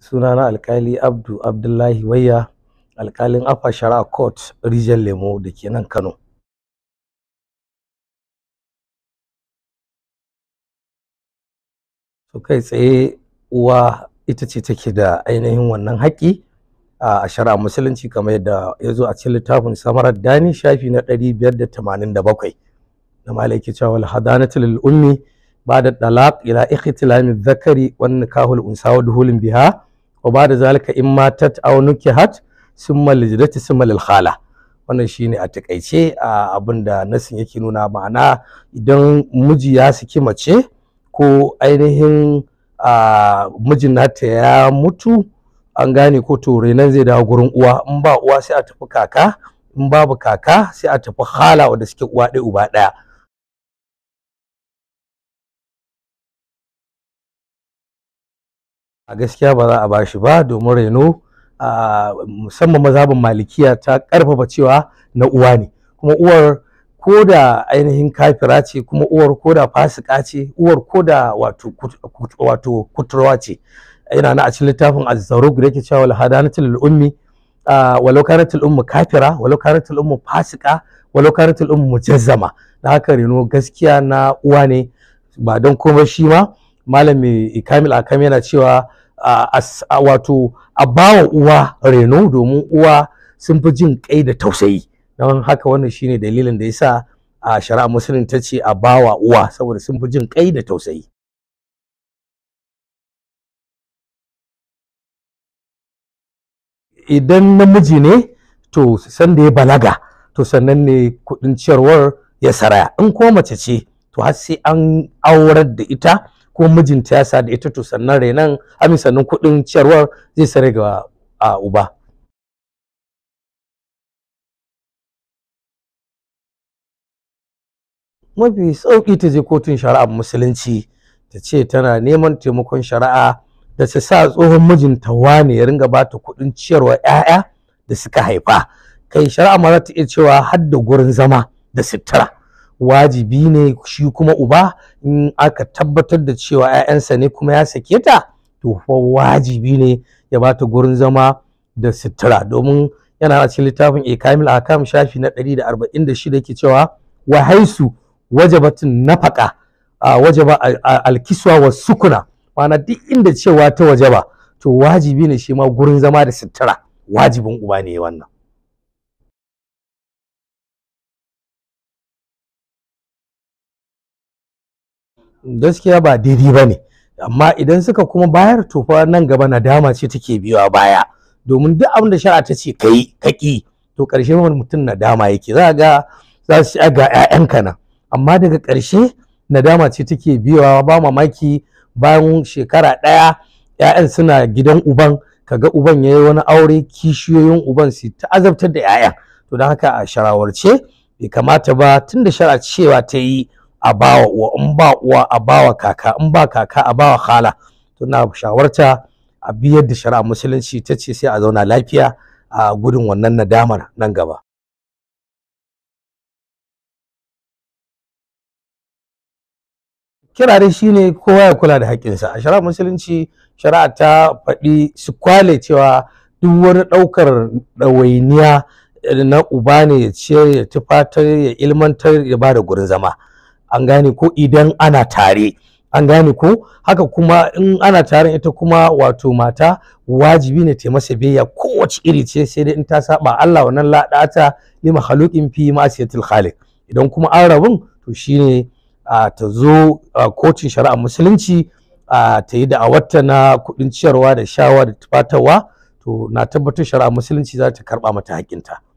sunana alkali abdu abdullahi wayya alkalin afa shari'a court region lemo da ke nan kano su kai tsaye uwa ita ce take da ainihin wannan haƙƙi a shari'a musulunci kamar yadda ya zo a cikin littafin samarar dani shafi na ɗari 587 da malaki cewa wal hadanatu lil ummi ba da dalaq ila ikhtilami zakari wan nikahul unsa wa duhulin biha wa ba da zalika in matat aw nukihat summa lijdati summa wannan shine a takaice abin da nasin yake nuna ma'ana idan miji ya saki mace ko ainihin mijin nata ya mutu an gane ko to renan zai dawo gurin uwa in ba uwa sai a tafi kaka in babu kaka sai a tafi hala wanda suke uwa ɗaya uba ɗaya a gaskiya ba za a bashi ba domin reno musamman mazhabin malikiya ta karfafa cewa na uwa ne kuma uwar ko da ainihin kafira ce kuma uwar ko da fasika ce uwar ko da wato kuturwa ce yana na a cikin littafin azzarug da yake cewa al-hadanatul ummi walau ummu kafira walau kanatul ummu fasika walau ummu mujazzama da haka reno gaskiya na uwa ne ba don komai shi ma malami kamil akam yana cewa wato a bawa uwa reno domin uwa sun fi jin kai da tausayi don haka wannan shine dalilin da yasa a shari'a musulun ta ce a bawa uwa saboda sun fi jin kai da tausayi idan namiji ne to san da ya balaga to sannan ne kudin ciyarwar ya saraya in ko mace ce to har sai an aurar da ita ko mijinta ya sa da ita to sannan renan amin sannan kuɗin ciyarwa zai sare ga a uba mafi sauƙi ta je kotun shari'a musulunci ta ce tana neman taimakon shari'a da ta sa tsohon mijinta wane ya ringa bata kuɗin ciyarwa 'ya'ya da suka haifa kai shari'a ma za ta iya cewa har da gurin zama da sutura wajibi ne shi kuma uba in aka tabbatar da cewa 'ya'yansa ne kuma ya sake ta to fa wajibi ne ya ba ta gurin zama da sutura domin yana a cikin littafin a akam shafi na 146 yake cewa wa haisu wajabatun nafaka wajaba alkiswa wa sukuna mana duk inda cewa ta wajaba to wajibi ne shi ma gurin zama da sutura wajibin uba ne wannan gaskiya ba daidai ba ne amma idan suka kuma bayar to fa nan gaba nadama ce take biyowa baya domin duk abin da shari'a ta ce kai kaki to karshe mutum nadama yake za ga za su ga 'ya'yanka nan amma daga karshe nadama ce take biyowa ba mamaki bayan shekara ɗaya 'ya'yan suna gidan uban kaga uban ya yi wani aure kishiyoyin uban su ta azabtar da 'ya'yan. to don haka a sharawarce bai kamata ba tunda shari'a cewa ta yi a bawa uwa in ba uwa a bawa kaka in ba kaka a bawa khala to na shawarta a biyar da shari'a musulunci ta ce sai a zauna lafiya a gudun wannan nadamar nan gaba kirare shine kowa ya kula da haƙƙinsa a shari'a musulunci shari'a ta faɗi su kwale cewa duk wani ɗaukar ɗawainiya na uba ne ya ce, ya tufatar ya ilmantar ya ba da gurin zama an gane ko idan ana tare an gane ko haka kuma in ana tare ita kuma wato mata wajibi ne ta masa biyayya kowace iri ce sai dai in ta saba Allah wannan ladata li mahalukin fi ma'siyatil khaliq idan kuma an rabun to shine ta zo kotun shari'a musulunci ta yi da'awarta na kudin ciyarwa da shawa da tufatarwa to na tabbatar shari'a musulunci za ta karba mata hakinta